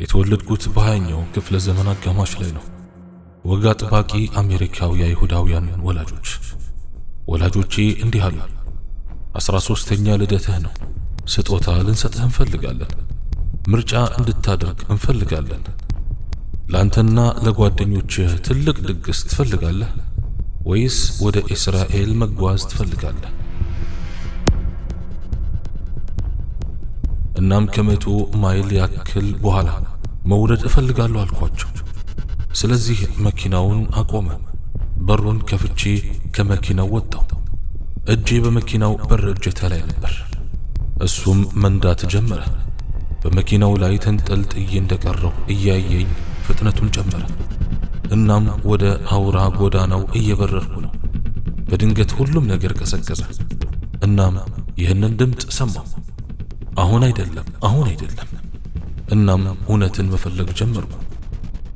የተወለድኩት በሀያኛው ክፍለ ዘመን አጋማሽ ላይ ነው። ወግ አጥባቂ አሜሪካዊ አይሁዳውያን ወላጆች ወላጆቼ እንዲህ አሉ። አስራ ሦስተኛ ልደትህ ነው፣ ስጦታ ልንሰጥህ እንፈልጋለን። ምርጫ እንድታደርግ እንፈልጋለን። ለአንተና ለጓደኞችህ ትልቅ ድግስ ትፈልጋለህ ወይስ ወደ እስራኤል መጓዝ ትፈልጋለህ? እናም ከመቶ ማይል ያክል በኋላ መውረድ እፈልጋለሁ አልኳቸው። ስለዚህ መኪናውን አቆመ። በሩን ከፍቼ ከመኪናው ወጣው። እጄ በመኪናው በር እጀታ ላይ ነበር። እሱም መንዳት ጀመረ። በመኪናው ላይ ተንጠልጥዬ እንደቀረው እያየኝ ፍጥነቱን ጨመረ። እናም ወደ አውራ ጎዳናው እየበረርኩ ነው። በድንገት ሁሉም ነገር ቀዘቀዘ። እናም ይህንን ድምፅ ሰማሁ። አሁን አይደለም፣ አሁን አይደለም። እናም እውነትን መፈለግ ጀመርኩ።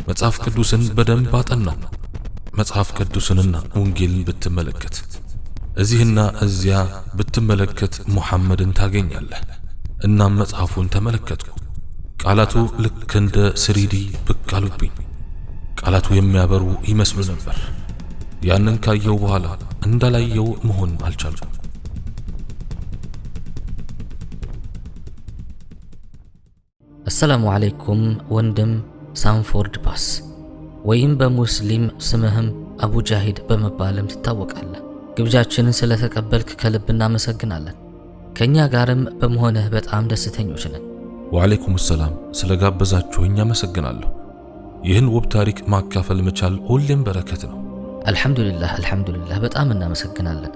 መጽሐፍ ቅዱስን በደንብ አጠናው። መጽሐፍ ቅዱስንና ወንጌልን ብትመለከት እዚህና እዚያ ብትመለከት ሙሐመድን ታገኛለህ። እናም መጽሐፉን ተመለከትኩ። ቃላቱ ልክ እንደ ስሪዲ ብቅ አሉብኝ። ቃላቱ የሚያበሩ ይመስሉ ነበር። ያንን ካየው በኋላ እንዳላየው መሆን አልቻልኩም። አሰላሙ አለይኩም ወንድም ሳንፎርድ ባስ ወይም በሙስሊም ስምህም አቡ ጃሂድ በመባልም ትታወቃለህ። ግብዣችንን ስለተቀበልክ ከልብ እናመሰግናለን። ከእኛ ጋርም በመሆንህ በጣም ደስተኞች ነን። ወአለይኩም ሰላም፣ ስለ ጋበዛችሁኝ አመሰግናለሁ። ይህን ውብ ታሪክ ማካፈል መቻል ሁሌም በረከት ነው። አልሐምዱሊላህ አልሐምዱሊላህ፣ በጣም እናመሰግናለን።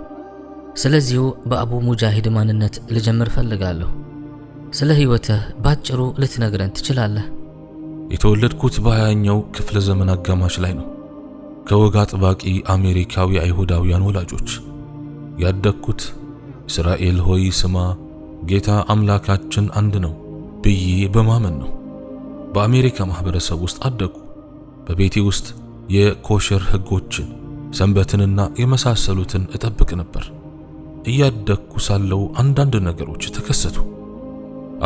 ስለዚሁ በአቡ ሙጃሂድ ማንነት ልጀምር እፈልጋለሁ። ስለ ሕይወትህ ባጭሩ ልትነግረን ትችላለህ? የተወለድኩት በሀያኛው ክፍለ ዘመን አጋማሽ ላይ ነው ከወግ አጥባቂ አሜሪካዊ አይሁዳውያን ወላጆች። ያደግኩት እስራኤል ሆይ ስማ ጌታ አምላካችን አንድ ነው ብዬ በማመን ነው። በአሜሪካ ማህበረሰብ ውስጥ አደግኩ። በቤቴ ውስጥ የኮሸር ህጎችን፣ ሰንበትንና የመሳሰሉትን እጠብቅ ነበር። እያደግኩ ሳለው አንዳንድ ነገሮች ተከሰቱ።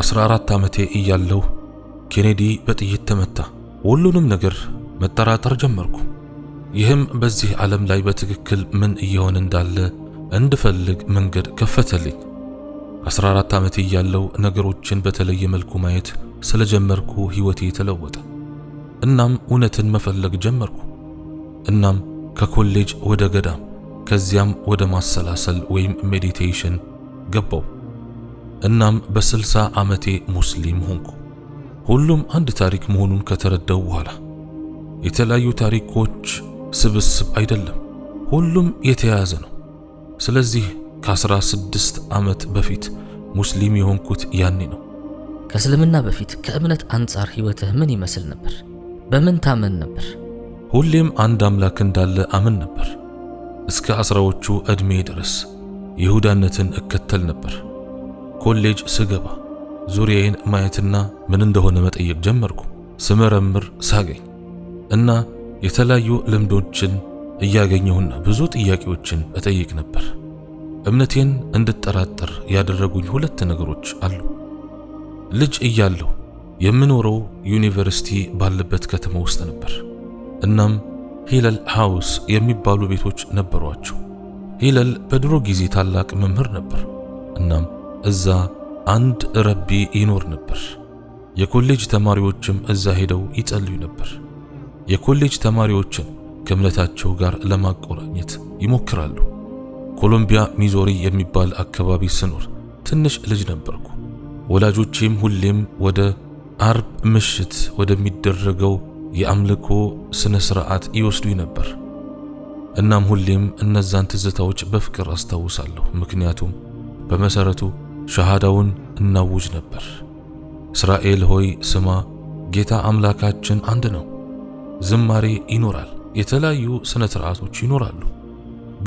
14 ዓመቴ እያለሁ ኬኔዲ በጥይት ተመታ። ሁሉንም ነገር መጠራጠር ጀመርኩ። ይህም በዚህ ዓለም ላይ በትክክል ምን እየሆነ እንዳለ እንድፈልግ መንገድ ከፈተልኝ። 14 ዓመቴ እያለሁ ነገሮችን በተለየ መልኩ ማየት ስለጀመርኩ ሕይወቴ ተለወጠ። እናም እውነትን መፈለግ ጀመርኩ። እናም ከኮሌጅ ወደ ገዳም ከዚያም ወደ ማሰላሰል ወይም ሜዲቴሽን ገባው። እናም በስልሳ ዓመቴ ሙስሊም ሆንኩ። ሁሉም አንድ ታሪክ መሆኑን ከተረዳው በኋላ የተለያዩ ታሪኮች ስብስብ አይደለም፣ ሁሉም የተያያዘ ነው። ስለዚህ ከአስራ ስድስት ዓመት በፊት ሙስሊም የሆንኩት ያኔ ነው። ከእስልምና በፊት ከእምነት አንጻር ሕይወትህ ምን ይመስል ነበር? በምን ታመን ነበር? ሁሌም አንድ አምላክ እንዳለ አምን ነበር። እስከ አስራዎቹ ዕድሜ ድረስ ይሁዳነትን እከተል ነበር። ኮሌጅ ስገባ ዙሪያዬን ማየትና ምን እንደሆነ መጠየቅ ጀመርኩ። ስመረምር ሳገኝ እና የተለያዩ ልምዶችን እያገኘሁና ብዙ ጥያቄዎችን እጠይቅ ነበር። እምነቴን እንድጠራጠር ያደረጉኝ ሁለት ነገሮች አሉ። ልጅ እያለሁ የምኖረው ዩኒቨርሲቲ ባለበት ከተማ ውስጥ ነበር። እናም ሂለል ሃውስ የሚባሉ ቤቶች ነበሯቸው። ሂለል በድሮ ጊዜ ታላቅ መምህር ነበር። እናም እዛ አንድ ረቢ ይኖር ነበር። የኮሌጅ ተማሪዎችም እዛ ሄደው ይጸልዩ ነበር። የኮሌጅ ተማሪዎችን ከእምነታቸው ጋር ለማቆራኘት ይሞክራሉ። ኮሎምቢያ ሚዞሪ የሚባል አካባቢ ስኖር ትንሽ ልጅ ነበርኩ። ወላጆቼም ሁሌም ወደ አርብ ምሽት ወደሚደረገው የአምልኮ ስነ ስርዓት ይወስዱኝ ነበር። እናም ሁሌም እነዛን ትዝታዎች በፍቅር አስታውሳለሁ። ምክንያቱም በመሰረቱ ሸሃዳውን እናውጅ ነበር። እስራኤል ሆይ ስማ፣ ጌታ አምላካችን አንድ ነው። ዝማሬ ይኖራል፣ የተለያዩ ስነ ስርዓቶች ይኖራሉ።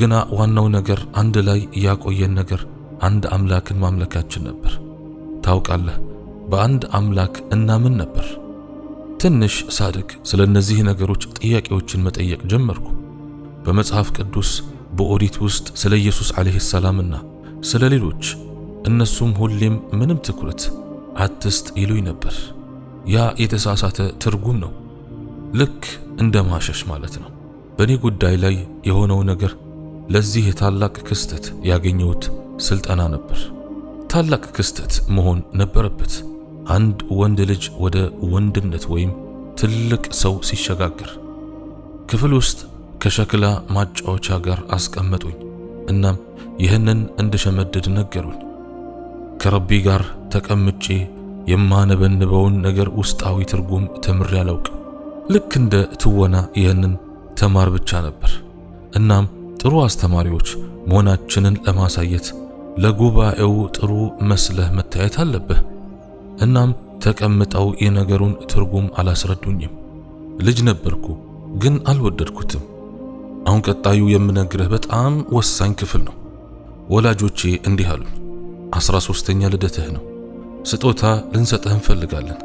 ግና ዋናው ነገር አንድ ላይ ያቆየን ነገር አንድ አምላክን ማምለካችን ነበር። ታውቃለህ፣ በአንድ አምላክ እናምን ነበር። ትንሽ ሳድግ ስለ እነዚህ ነገሮች ጥያቄዎችን መጠየቅ ጀመርኩ። በመጽሐፍ ቅዱስ በኦዲት ውስጥ ስለ ኢየሱስ ዓለይሂ ሰላምና ስለ ሌሎች እነሱም ሁሌም ምንም ትኩረት አትስጥ ይሉኝ ነበር። ያ የተሳሳተ ትርጉም ነው። ልክ እንደ ማሸሽ ማለት ነው። በእኔ ጉዳይ ላይ የሆነው ነገር ለዚህ የታላቅ ክስተት ያገኘሁት ስልጠና ነበር። ታላቅ ክስተት መሆን ነበረበት። አንድ ወንድ ልጅ ወደ ወንድነት ወይም ትልቅ ሰው ሲሸጋገር ክፍል ውስጥ ከሸክላ ማጫወቻ ጋር አስቀመጡኝ። እናም ይህንን እንድሸመድድ ነገሩኝ። ከረቢ ጋር ተቀምጬ የማነበንበውን ነገር ውስጣዊ ትርጉም ተምሬ አላውቅ። ልክ እንደ ትወና ይህንን ተማር ብቻ ነበር። እናም ጥሩ አስተማሪዎች መሆናችንን ለማሳየት ለጉባኤው ጥሩ መስለህ መታየት አለብህ። እናም ተቀምጠው የነገሩን ትርጉም አላስረዱኝም። ልጅ ነበርኩ፣ ግን አልወደድኩትም። አሁን ቀጣዩ የምነግርህ በጣም ወሳኝ ክፍል ነው። ወላጆቼ እንዲህ አሉኝ። አስራ ሦስተኛ ልደትህ ነው። ስጦታ ልንሰጥህ እንፈልጋለን።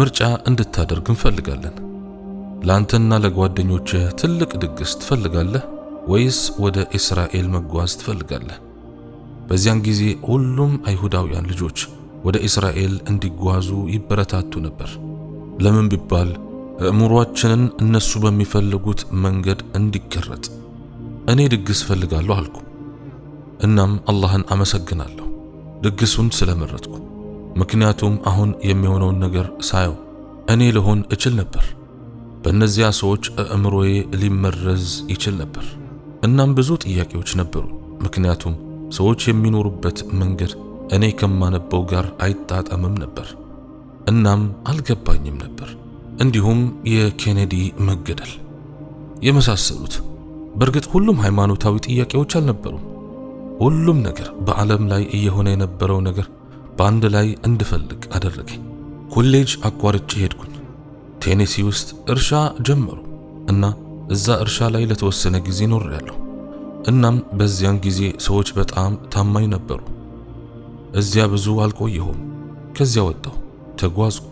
ምርጫ እንድታደርግ እንፈልጋለን። ለአንተና ለጓደኞችህ ትልቅ ድግስ ትፈልጋለህ ወይስ ወደ እስራኤል መጓዝ ትፈልጋለህ? በዚያን ጊዜ ሁሉም አይሁዳውያን ልጆች ወደ እስራኤል እንዲጓዙ ይበረታቱ ነበር። ለምን ቢባል አእምሯችንን እነሱ በሚፈልጉት መንገድ እንዲገረጥ። እኔ ድግስ እፈልጋለሁ አልኩ። እናም አላህን አመሰግናለሁ ድግሱን ስለመረጥኩ። ምክንያቱም አሁን የሚሆነውን ነገር ሳየው እኔ ልሆን እችል ነበር። በእነዚያ ሰዎች አእምሮዬ ሊመረዝ ይችል ነበር። እናም ብዙ ጥያቄዎች ነበሩ፣ ምክንያቱም ሰዎች የሚኖሩበት መንገድ እኔ ከማነበው ጋር አይጣጣምም ነበር። እናም አልገባኝም ነበር። እንዲሁም የኬኔዲ መገደል የመሳሰሉት። በእርግጥ ሁሉም ሃይማኖታዊ ጥያቄዎች አልነበሩም። ሁሉም ነገር በዓለም ላይ እየሆነ የነበረው ነገር በአንድ ላይ እንድፈልግ አደረገኝ። ኮሌጅ አቋርጬ ሄድኩኝ። ቴኔሲ ውስጥ እርሻ ጀመሩ እና እዛ እርሻ ላይ ለተወሰነ ጊዜ ኖሬያለሁ። እናም በዚያን ጊዜ ሰዎች በጣም ታማኝ ነበሩ። እዚያ ብዙ አልቆየሁም። ከዚያ ወጣሁ፣ ተጓዝኩ።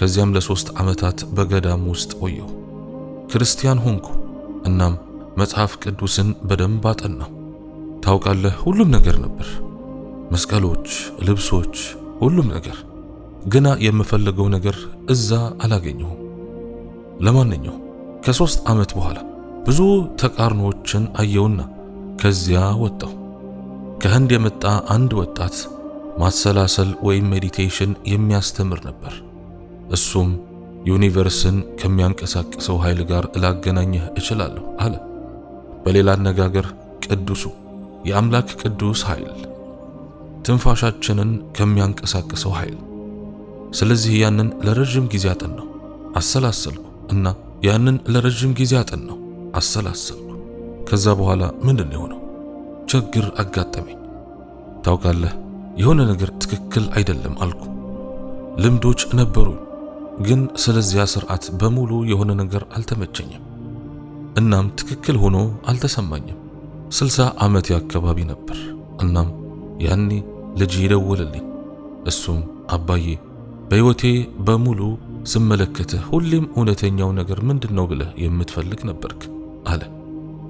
ከዚያም ለሶስት ዓመታት በገዳም ውስጥ ቆየሁ። ክርስቲያን ሆንኩ። እናም መጽሐፍ ቅዱስን በደንብ አጠናሁ። ታውቃለህ፣ ሁሉም ነገር ነበር፣ መስቀሎች፣ ልብሶች፣ ሁሉም ነገር። ግና የምፈልገው ነገር እዛ አላገኘሁም። ለማንኛው ከሦስት ዓመት በኋላ ብዙ ተቃርኖዎችን አየውና ከዚያ ወጣው። ከህንድ የመጣ አንድ ወጣት ማሰላሰል ወይም ሜዲቴሽን የሚያስተምር ነበር። እሱም ዩኒቨርስን ከሚያንቀሳቅሰው ኃይል ጋር ላገናኘህ እችላለሁ አለ። በሌላ አነጋገር ቅዱሱ የአምላክ ቅዱስ ኃይል ትንፋሻችንን ከሚያንቀሳቅሰው ኃይል። ስለዚህ ያንን ለረጅም ጊዜ አጠናው፣ አሰላሰልኩ እና ያንን ለረጅም ጊዜ አጠናው፣ አሰላሰልኩ። ከዛ በኋላ ምንድን የሆነው? ችግር አጋጠመኝ። ታውቃለህ፣ የሆነ ነገር ትክክል አይደለም አልኩ። ልምዶች ነበሩኝ፣ ግን ስለዚያ ስርዓት በሙሉ የሆነ ነገር አልተመቸኝም። እናም ትክክል ሆኖ አልተሰማኝም። ስልሳ ዓመቴ አካባቢ ነበር። እናም ያኔ ልጅ ይደወልልኝ። እሱም አባዬ በሕይወቴ በሙሉ ስመለከትህ ሁሌም እውነተኛው ነገር ምንድን ነው ብለህ የምትፈልግ ነበርክ አለ።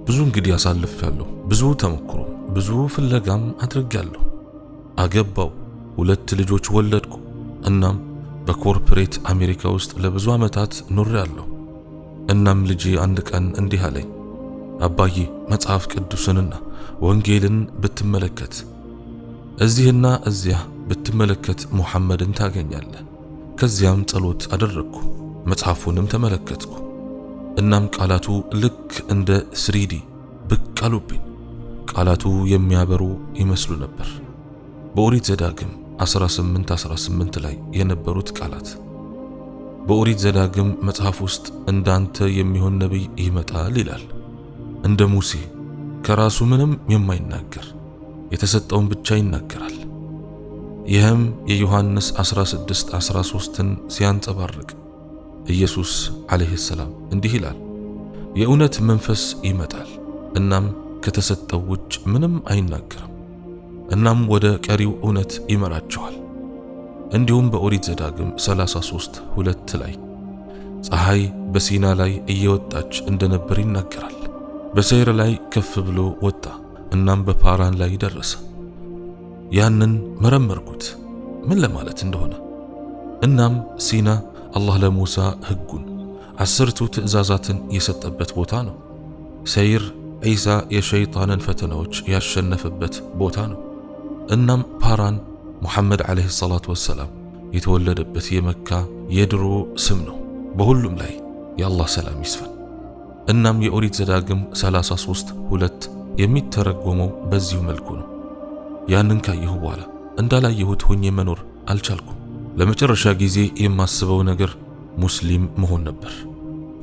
ብዙ እንግዲህ አሳልፌያለሁ። ብዙ ተሞክሮ፣ ብዙ ፍለጋም አድርጌያለሁ። አገባው፣ ሁለት ልጆች ወለድኩ። እናም በኮርፖሬት አሜሪካ ውስጥ ለብዙ ዓመታት አለሁ እናም ልጄ አንድ ቀን እንዲህ አለኝ አባዬ መጽሐፍ ቅዱስንና ወንጌልን ብትመለከት እዚህና እዚያ ብትመለከት ሙሐመድን ታገኛለህ። ከዚያም ጸሎት አደረግኩ፣ መጽሐፉንም ተመለከትኩ። እናም ቃላቱ ልክ እንደ ስሪዲ ብቅ አሉብኝ። ቃላቱ የሚያበሩ ይመስሉ ነበር። በኦሪት ዘዳግም 18 18 ላይ የነበሩት ቃላት በኦሪት ዘዳግም መጽሐፍ ውስጥ እንዳንተ የሚሆን ነቢይ ይመጣል ይላል። እንደ ሙሴ ከራሱ ምንም የማይናገር የተሰጠውን ብቻ ይናገራል። ይህም የዮሐንስ 16 13ን ሲያንጸባርቅ ኢየሱስ ዓለይሂ ሰላም እንዲህ ይላል፣ የእውነት መንፈስ ይመጣል፣ እናም ከተሰጠው ውጭ ምንም አይናገርም፣ እናም ወደ ቀሪው እውነት ይመራቸዋል። እንዲሁም በኦሪት ዘዳግም 33 ሁለት ላይ ፀሐይ በሲና ላይ እየወጣች እንደነበር ይናገራል። በሰይር ላይ ከፍ ብሎ ወጣ። እናም በፓራን ላይ ደረሰ። ያንን መረመርኩት ምን ለማለት እንደሆነ። እናም ሲና አላህ ለሙሳ ሕጉን አስርቱ ትእዛዛትን የሰጠበት ቦታ ነው። ሰይር ዒሳ የሸይጣንን ፈተናዎች ያሸነፈበት ቦታ ነው። እናም ፓራን ሙሐመድ ዓለይሂ ሰላቱ ወሰላም የተወለደበት የመካ የድሮ ስም ነው። በሁሉም ላይ የአላህ ሰላም ይስፈን። እናም የኦሪት ዘዳግም 33 ሁለት የሚተረጎመው በዚሁ መልኩ ነው። ያንን ካየሁ በኋላ እንዳላየሁት ሆኜ መኖር አልቻልኩም። ለመጨረሻ ጊዜ የማስበው ነገር ሙስሊም መሆን ነበር።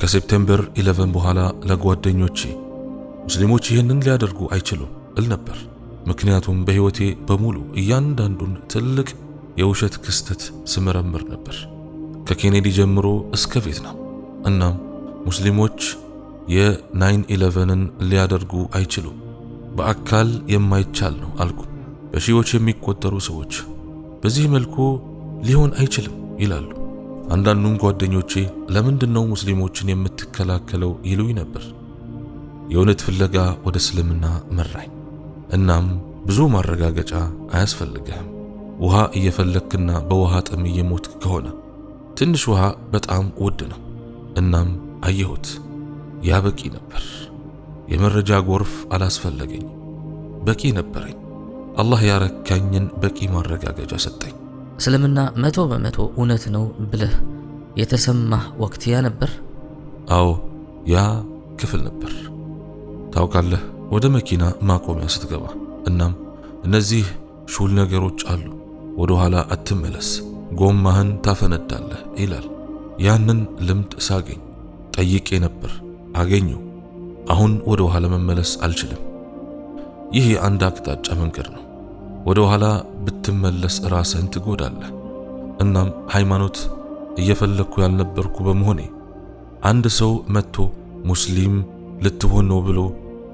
ከሴፕቴምበር 11 በኋላ ለጓደኞቼ ሙስሊሞች ይህንን ሊያደርጉ አይችሉም እል ነበር። ምክንያቱም በሕይወቴ በሙሉ እያንዳንዱን ትልቅ የውሸት ክስተት ስመረምር ነበር፣ ከኬኔዲ ጀምሮ እስከ ቪየትናም። እናም ሙስሊሞች የናይን ኢለቨንን ሊያደርጉ አይችሉም። በአካል የማይቻል ነው አልኩ። በሺዎች የሚቆጠሩ ሰዎች በዚህ መልኩ ሊሆን አይችልም ይላሉ። አንዳንዱም ጓደኞቼ ለምንድን ነው ሙስሊሞችን የምትከላከለው ይሉኝ ነበር። የእውነት ፍለጋ ወደ እስልምና መራኝ። እናም ብዙ ማረጋገጫ አያስፈልግህም። ውሃ እየፈለክና በውሃ ጥም እየሞትክ ከሆነ ትንሽ ውሃ በጣም ውድ ነው። እናም አየሁት ያበቂ ነበር። የመረጃ ጎርፍ አላስፈለገኝ! በቂ ነበረኝ። አላህ ያረካኝን በቂ ማረጋገጫ ሰጠኝ። እስልምና መቶ በመቶ እውነት ነው ብለህ የተሰማህ ወቅት ያ ነበር? አዎ ያ ክፍል ነበር። ታውቃለህ፣ ወደ መኪና ማቆሚያ ስትገባ፣ እናም እነዚህ ሹል ነገሮች አሉ፣ ወደ ኋላ አትመለስ፣ ጎማህን ታፈነዳለህ ይላል። ያንን ልምድ ሳገኝ ጠይቄ ነበር አገኘው። አሁን ወደ ኋላ መመለስ አልችልም። ይህ የአንድ አቅጣጫ መንገድ ነው። ወደ ኋላ ብትመለስ ራስህን ትጎዳለህ። እናም ሃይማኖት እየፈለግኩ ያልነበርኩ በመሆኔ አንድ ሰው መጥቶ ሙስሊም ልትሆን ነው ብሎ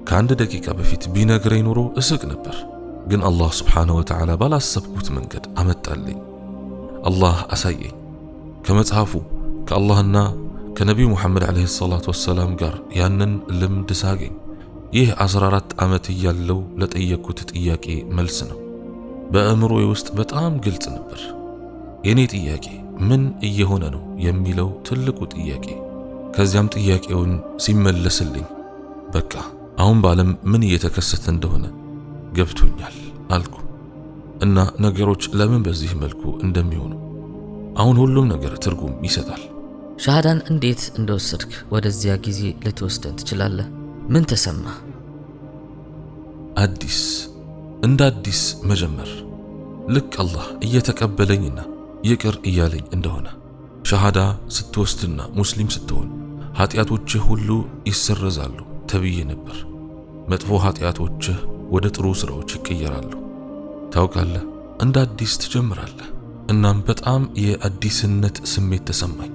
ከአንድ ደቂቃ በፊት ቢነግረኝ ኖሮ እስቅ ነበር። ግን አላህ ስብሓንሁ ወተዓላ ባላሰብኩት መንገድ አመጣልኝ። አላህ አሳየኝ። ከመጽሐፉ ከአላህና ከነቢዩ ሙሐመድ ዓለይሂ ሰላቱ ወሰላም ጋር ያንን ልምድ ሳገኝ ይህ 14 ዓመት እያለው ለጠየቅኩት ጥያቄ መልስ ነው። በአእምሮዬ ውስጥ በጣም ግልጽ ነበር። የኔ ጥያቄ ምን እየሆነ ነው የሚለው ትልቁ ጥያቄ። ከዚያም ጥያቄውን ሲመለስልኝ በቃ አሁን በዓለም ምን እየተከሰተ እንደሆነ ገብቶኛል አልኩ እና ነገሮች ለምን በዚህ መልኩ እንደሚሆኑ አሁን ሁሉም ነገር ትርጉም ይሰጣል። ሻሃዳን እንዴት እንደወሰድክ ወደዚያ ጊዜ ልትወስደን ትችላለህ? ምን ተሰማ? አዲስ እንደ አዲስ መጀመር ልክ አላህ እየተቀበለኝና ይቅር እያለኝ እንደሆነ ሻሃዳ ስትወስድና ሙስሊም ስትሆን ኃጢአቶችህ ሁሉ ይሰረዛሉ ተብዬ ነበር። መጥፎ ኃጢአቶችህ ወደ ጥሩ ሥራዎች ይቀየራሉ። ታውቃለህ፣ እንደ አዲስ ትጀምራለህ። እናም በጣም የአዲስነት ስሜት ተሰማኝ።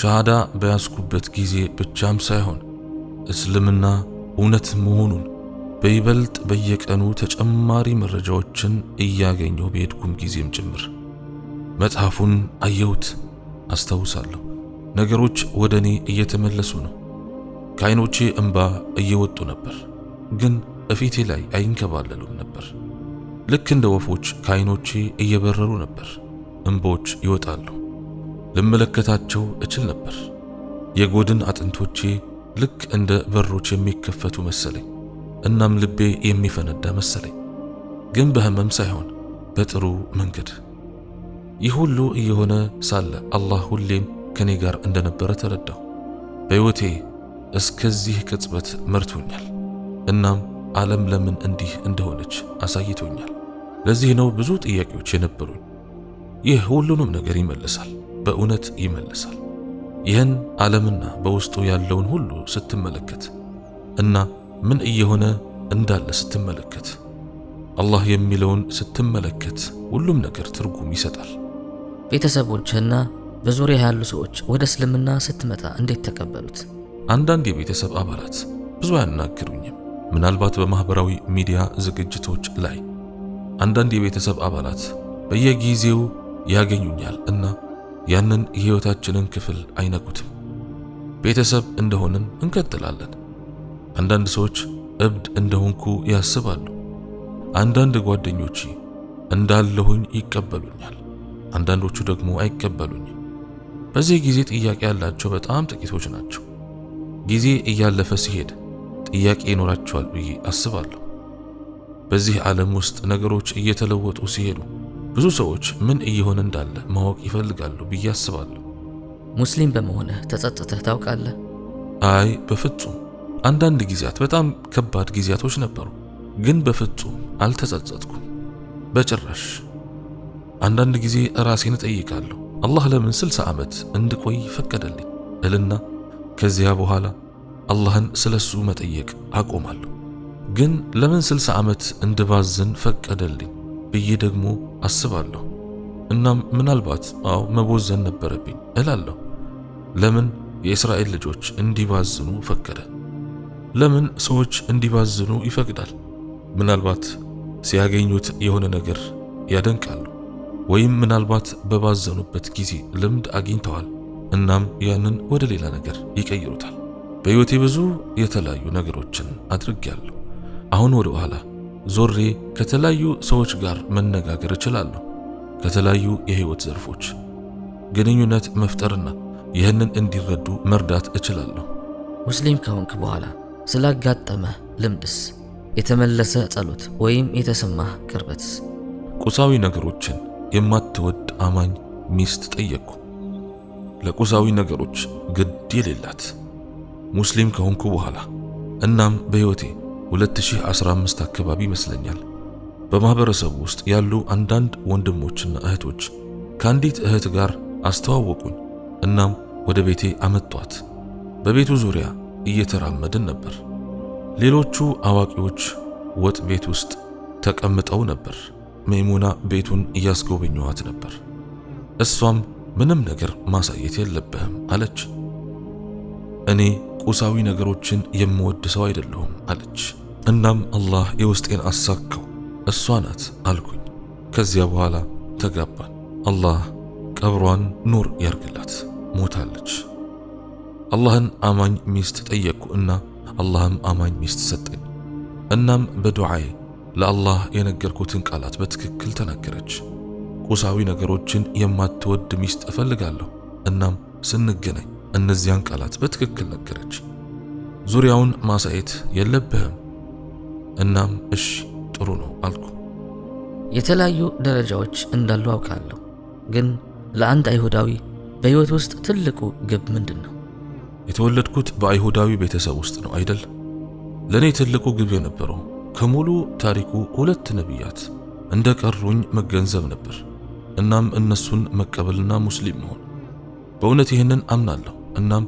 ሸሃዳ በያዝኩበት ጊዜ ብቻም ሳይሆን እስልምና እውነት መሆኑን በይበልጥ በየቀኑ ተጨማሪ መረጃዎችን እያገኘው በሄድኩም ጊዜም ጭምር መጽሐፉን አየሁት። አስታውሳለሁ። ነገሮች ወደ እኔ እየተመለሱ ነው። ከዓይኖቼ እንባ እየወጡ ነበር፣ ግን እፊቴ ላይ አይንከባለሉም ነበር። ልክ እንደ ወፎች ከዓይኖቼ እየበረሩ ነበር። እምባዎች ይወጣሉ። ልመለከታቸው እችል ነበር። የጎድን አጥንቶቼ ልክ እንደ በሮች የሚከፈቱ መሰለኝ። እናም ልቤ የሚፈነዳ መሰለኝ፣ ግን በህመም ሳይሆን በጥሩ መንገድ። ይህ ሁሉ እየሆነ ሳለ አላህ ሁሌም ከኔ ጋር እንደነበረ ተረዳሁ። በሕይወቴ እስከዚህ ቅጽበት መርቶኛል። እናም ዓለም ለምን እንዲህ እንደሆነች አሳይቶኛል። ለዚህ ነው ብዙ ጥያቄዎች የነበሩኝ። ይህ ሁሉንም ነገር ይመልሳል። በእውነት ይመልሳል። ይህን ዓለምና በውስጡ ያለውን ሁሉ ስትመለከት እና ምን እየሆነ እንዳለ ስትመለከት አላህ የሚለውን ስትመለከት ሁሉም ነገር ትርጉም ይሰጣል። ቤተሰቦችህና በዙሪያ ያሉ ሰዎች ወደ እስልምና ስትመጣ እንዴት ተቀበሉት? አንዳንድ የቤተሰብ አባላት ብዙ አያናግሩኝም። ምናልባት በማኅበራዊ ሚዲያ ዝግጅቶች ላይ አንዳንድ የቤተሰብ አባላት በየጊዜው ያገኙኛል እና ያንን የህይወታችንን ክፍል አይነኩትም። ቤተሰብ እንደሆንን እንቀጥላለን። አንዳንድ ሰዎች እብድ እንደሆንኩ ያስባሉ። አንዳንድ ጓደኞቼ እንዳለሁኝ ይቀበሉኛል፣ አንዳንዶቹ ደግሞ አይቀበሉኝም። በዚህ ጊዜ ጥያቄ ያላቸው በጣም ጥቂቶች ናቸው። ጊዜ እያለፈ ሲሄድ ጥያቄ ይኖራቸዋል ብዬ አስባለሁ። በዚህ ዓለም ውስጥ ነገሮች እየተለወጡ ሲሄዱ ብዙ ሰዎች ምን እየሆነ እንዳለ ማወቅ ይፈልጋሉ ብዬ አስባለሁ። ሙስሊም በመሆንህ ተጸጥተህ ታውቃለህ? አይ በፍጹም። አንዳንድ ጊዜያት በጣም ከባድ ጊዜያቶች ነበሩ፣ ግን በፍጹም አልተጸጸጥኩም በጭራሽ። አንዳንድ ጊዜ ራሴን እጠይቃለሁ፣ አላህ ለምን ስልሳ ዓመት እንድቆይ ፈቀደልኝ እልና ከዚያ በኋላ አላህን ስለሱ መጠየቅ አቆማለሁ። ግን ለምን ስልሳ ዓመት እንድባዝን ፈቀደልኝ ብዬ ደግሞ አስባለሁ። እናም ምናልባት አዎ መቦዘን ነበረብኝ እላለሁ። ለምን የእስራኤል ልጆች እንዲባዝኑ ፈቀደ? ለምን ሰዎች እንዲባዝኑ ይፈቅዳል? ምናልባት ሲያገኙት የሆነ ነገር ያደንቃሉ፣ ወይም ምናልባት በባዘኑበት ጊዜ ልምድ አግኝተዋል። እናም ያንን ወደ ሌላ ነገር ይቀይሩታል። በሕይወቴ ብዙ የተለያዩ ነገሮችን አድርጌያለሁ። አሁን ወደ ኋላ ዞሬ ከተለያዩ ሰዎች ጋር መነጋገር እችላለሁ። ከተለያዩ የህይወት ዘርፎች ግንኙነት መፍጠርና ይህንን እንዲረዱ መርዳት እችላለሁ። ሙስሊም ከሆንክ በኋላ ስላጋጠመ ልምድስ፣ የተመለሰ ጸሎት ወይም የተሰማህ ቅርበትስ? ቁሳዊ ነገሮችን የማትወድ አማኝ ሚስት ጠየቅኩ። ለቁሳዊ ነገሮች ግድ የሌላት ሙስሊም ከሆንኩ በኋላ እናም በሕይወቴ 2015 አካባቢ ይመስለኛል። በማህበረሰቡ ውስጥ ያሉ አንዳንድ ወንድሞችና እህቶች ከአንዲት እህት ጋር አስተዋወቁኝ። እናም ወደ ቤቴ አመጧት። በቤቱ ዙሪያ እየተራመድን ነበር። ሌሎቹ አዋቂዎች ወጥ ቤት ውስጥ ተቀምጠው ነበር። ሜሙና ቤቱን እያስጎበኘዋት ነበር። እሷም ምንም ነገር ማሳየት የለብህም አለች። እኔ ቁሳዊ ነገሮችን የምወድ ሰው አይደለሁም አለች። እናም አላህ የውስጤን አሳካው እሷ ናት አልኩኝ። ከዚያ በኋላ ተጋባን። አላህ ቀብሯን ኑር ያርግላት። ሞታለች። አላህን አማኝ ሚስት ጠየቅኩ እና አላህም አማኝ ሚስት ሰጠኝ። እናም በዱዓዬ ለአላህ የነገርኩትን ቃላት በትክክል ተናገረች። ቁሳዊ ነገሮችን የማትወድ ሚስት እፈልጋለሁ። እናም ስንገናኝ እነዚያን ቃላት በትክክል ነገረች። ዙሪያውን ማሳየት የለብህም እናም እሺ ጥሩ ነው አልኩ። የተለያዩ ደረጃዎች እንዳሉ አውቃለሁ፣ ግን ለአንድ አይሁዳዊ በሕይወት ውስጥ ትልቁ ግብ ምንድን ነው? የተወለድኩት በአይሁዳዊ ቤተሰብ ውስጥ ነው አይደል? ለእኔ ትልቁ ግብ የነበረው ከሙሉ ታሪኩ ሁለት ነቢያት እንደ ቀሩኝ መገንዘብ ነበር። እናም እነሱን መቀበልና ሙስሊም መሆን። በእውነት ይህንን አምናለሁ። እናም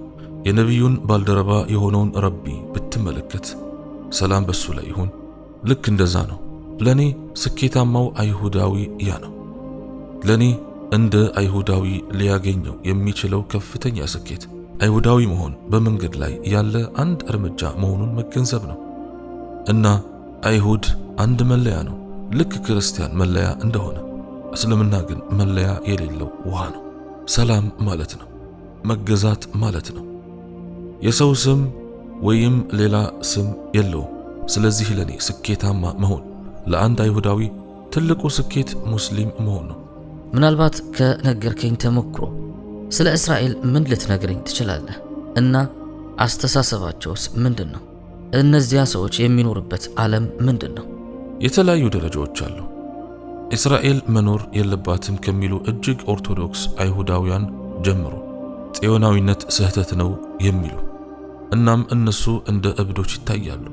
የነቢዩን ባልደረባ የሆነውን ረቢ ብትመለከት ሰላም በሱ ላይ ይሁን። ልክ እንደዛ ነው። ለኔ ስኬታማው አይሁዳዊ ያ ነው። ለኔ እንደ አይሁዳዊ ሊያገኘው የሚችለው ከፍተኛ ስኬት አይሁዳዊ መሆን በመንገድ ላይ ያለ አንድ እርምጃ መሆኑን መገንዘብ ነው። እና አይሁድ አንድ መለያ ነው፣ ልክ ክርስቲያን መለያ እንደሆነ። እስልምና ግን መለያ የሌለው ውሃ ነው። ሰላም ማለት ነው። መገዛት ማለት ነው። የሰው ስም ወይም ሌላ ስም የለውም። ስለዚህ ለኔ ስኬታማ መሆን ለአንድ አይሁዳዊ ትልቁ ስኬት ሙስሊም መሆን ነው። ምናልባት ከነገርከኝ ተሞክሮ ስለ እስራኤል ምን ልትነግረኝ ትችላለህ? እና አስተሳሰባቸውስ ምንድን ነው? እነዚያ ሰዎች የሚኖሩበት ዓለም ምንድን ነው? የተለያዩ ደረጃዎች አሉ። እስራኤል መኖር የለባትም ከሚሉ እጅግ ኦርቶዶክስ አይሁዳውያን ጀምሮ ጤዮናዊነት ስህተት ነው የሚሉ እናም እነሱ እንደ እብዶች ይታያሉ።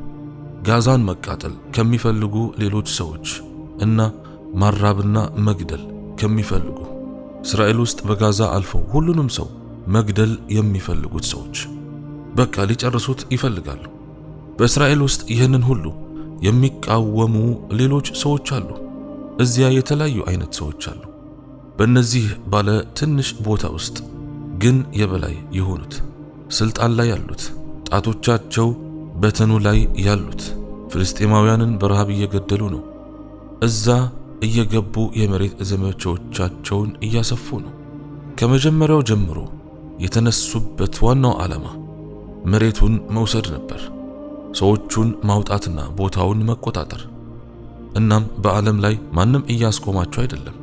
ጋዛን መቃጠል ከሚፈልጉ ሌሎች ሰዎች እና ማራብና መግደል ከሚፈልጉ እስራኤል ውስጥ በጋዛ አልፈው ሁሉንም ሰው መግደል የሚፈልጉት ሰዎች በቃ ሊጨርሱት ይፈልጋሉ። በእስራኤል ውስጥ ይህንን ሁሉ የሚቃወሙ ሌሎች ሰዎች አሉ። እዚያ የተለያዩ አይነት ሰዎች አሉ። በእነዚህ ባለ ትንሽ ቦታ ውስጥ ግን የበላይ የሆኑት ስልጣን ላይ ያሉት ጣቶቻቸው በተኑ ላይ ያሉት ፍልስጤማውያንን በረሃብ እየገደሉ ነው። እዛ እየገቡ የመሬት ዘመቻዎቻቸውን እያሰፉ ነው። ከመጀመሪያው ጀምሮ የተነሱበት ዋናው ዓላማ መሬቱን መውሰድ ነበር፣ ሰዎቹን ማውጣትና ቦታውን መቆጣጠር። እናም በዓለም ላይ ማንም እያስቆማቸው አይደለም።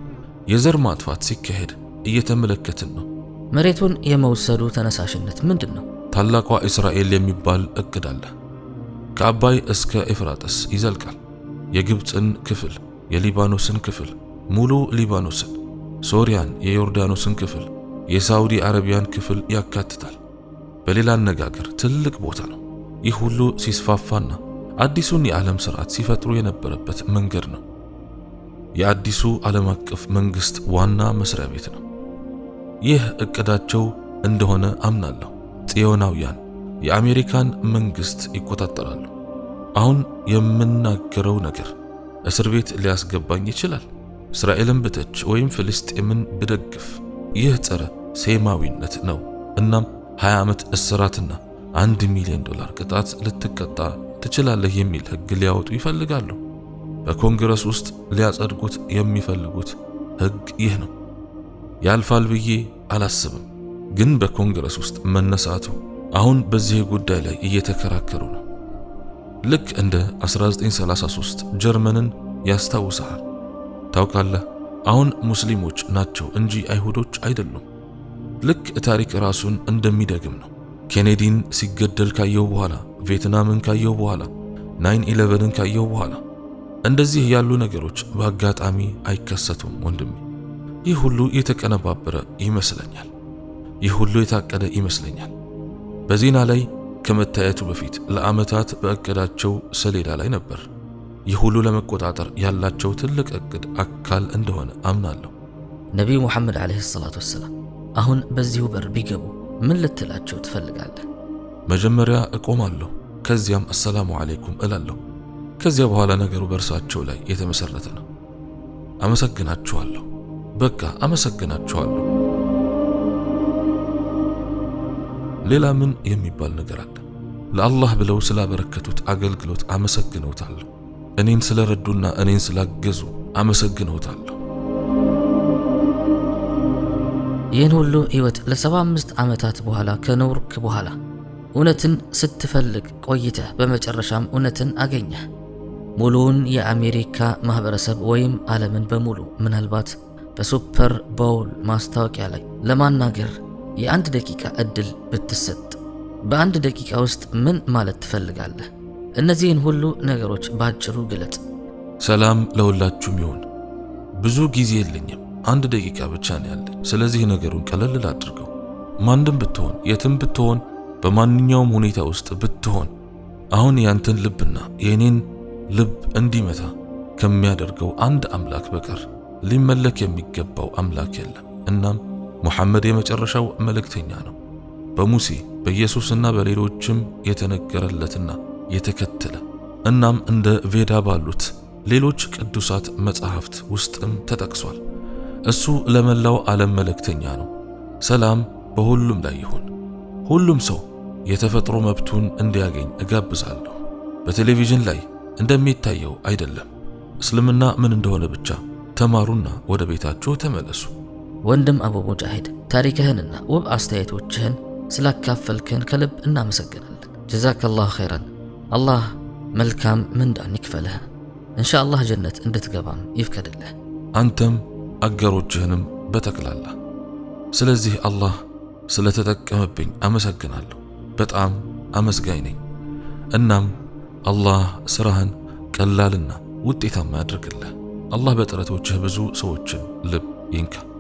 የዘር ማጥፋት ሲካሄድ እየተመለከትን ነው። መሬቱን የመውሰዱ ተነሳሽነት ምንድን ነው? ታላቋ እስራኤል የሚባል እቅድ አለ። ከአባይ እስከ ኤፍራጥስ ይዘልቃል። የግብፅን ክፍል፣ የሊባኖስን ክፍል፣ ሙሉ ሊባኖስን፣ ሶሪያን፣ የዮርዳኖስን ክፍል፣ የሳውዲ አረቢያን ክፍል ያካትታል። በሌላ አነጋገር ትልቅ ቦታ ነው። ይህ ሁሉ ሲስፋፋና አዲሱን የዓለም ሥርዓት ሲፈጥሩ የነበረበት መንገድ ነው። የአዲሱ ዓለም አቀፍ መንግሥት ዋና መሥሪያ ቤት ነው። ይህ ዕቅዳቸው እንደሆነ አምናለሁ። ጽዮናውያን የአሜሪካን መንግስት ይቆጣጠራሉ። አሁን የምናገረው ነገር እስር ቤት ሊያስገባኝ ይችላል። እስራኤልን ብተች ወይም ፍልስጤምን ብደግፍ ይህ ጸረ ሴማዊነት ነው። እናም 20 ዓመት እስራትና አንድ ሚሊዮን ዶላር ቅጣት ልትቀጣ ትችላለህ የሚል ህግ ሊያወጡ ይፈልጋሉ። በኮንግረስ ውስጥ ሊያጸድጉት የሚፈልጉት ህግ ይህ ነው። ያልፋል ብዬ አላስብም። ግን በኮንግረስ ውስጥ መነሳቱ አሁን በዚህ ጉዳይ ላይ እየተከራከሩ ነው። ልክ እንደ 1933 ጀርመንን ያስታውሳል። ታውቃለህ፣ አሁን ሙስሊሞች ናቸው እንጂ አይሁዶች አይደሉም። ልክ ታሪክ ራሱን እንደሚደግም ነው። ኬኔዲን ሲገደል ካየው በኋላ፣ ቪየትናምን ካየው በኋላ፣ ናይን ኢለቨንን ካየው በኋላ እንደዚህ ያሉ ነገሮች በአጋጣሚ አይከሰቱም ወንድሜ። ይህ ሁሉ የተቀነባበረ ይመስለኛል። ይህ ሁሉ የታቀደ ይመስለኛል። በዜና ላይ ከመታየቱ በፊት ለዓመታት በእቅዳቸው ሰሌዳ ላይ ነበር። ይህ ሁሉ ለመቆጣጠር ያላቸው ትልቅ እቅድ አካል እንደሆነ አምናለሁ። ነቢዩ ሙሐመድ ዓለይሂ ሰላቱ ወሰላም አሁን በዚሁ በር ቢገቡ ምን ልትላቸው ትፈልጋለህ? መጀመሪያ እቆማለሁ፣ ከዚያም አሰላሙ ዓለይኩም እላለሁ። ከዚያ በኋላ ነገሩ በእርሳቸው ላይ የተመሠረተ ነው። አመሰግናችኋለሁ፣ በቃ አመሰግናችኋለሁ። ሌላ ምን የሚባል ነገር አለ? ለአላህ ብለው ስላበረከቱት አገልግሎት አመሰግነውታለሁ። እኔን ስለረዱና እኔን ስላገዙ አመሰግነውታለሁ። ይህን ሁሉ ሕይወት ለሰባ አምስት ዓመታት በኋላ ከኖርክ በኋላ እውነትን ስትፈልግ ቆይተህ በመጨረሻም እውነትን አገኘህ። ሙሉውን የአሜሪካ ማኅበረሰብ ወይም ዓለምን በሙሉ ምናልባት በሱፐር ቦውል ማስታወቂያ ላይ ለማናገር የአንድ ደቂቃ እድል ብትሰጥ በአንድ ደቂቃ ውስጥ ምን ማለት ትፈልጋለህ? እነዚህን ሁሉ ነገሮች በአጭሩ ግለጽ። ሰላም ለሁላችሁም ይሁን። ብዙ ጊዜ የለኝም፣ አንድ ደቂቃ ብቻ ነው ያለኝ። ስለዚህ ነገሩን ቀለል አድርገው ማንም ብትሆን፣ የትም ብትሆን፣ በማንኛውም ሁኔታ ውስጥ ብትሆን አሁን ያንተን ልብና የእኔን ልብ እንዲመታ ከሚያደርገው አንድ አምላክ በቀር ሊመለክ የሚገባው አምላክ የለም። እናም ሙሐመድ የመጨረሻው መልእክተኛ ነው። በሙሴ በኢየሱስና በሌሎችም የተነገረለትና የተከተለ እናም እንደ ቬዳ ባሉት ሌሎች ቅዱሳት መጻሕፍት ውስጥም ተጠቅሷል። እሱ ለመላው ዓለም መልእክተኛ ነው። ሰላም በሁሉም ላይ ይሁን። ሁሉም ሰው የተፈጥሮ መብቱን እንዲያገኝ እጋብዛለሁ። በቴሌቪዥን ላይ እንደሚታየው አይደለም። እስልምና ምን እንደሆነ ብቻ ተማሩና ወደ ቤታችሁ ተመለሱ። ወንድም አቡ ሙጃሂድ ታሪክህንና ውብ አስተያየቶችህን ስላካፈልክን ከልብ እናመሰግናለን። ጀዛከላሁ ኸይረን። አላህ መልካም ምንዳን ይክፈልህ። እንሻአላህ ጀነት እንድትገባም ይፍቀድልህ። አንተም አገሮችህንም በጠቅላላ። ስለዚህ አላህ ስለተጠቀመብኝ አመሰግናለሁ። በጣም አመስጋኝ ነኝ። እናም አላህ ስራህን ቀላልና ውጤታማ ያድርግልህ። አላህ በጥረቶችህ ብዙ ሰዎችን ልብ ይንካ።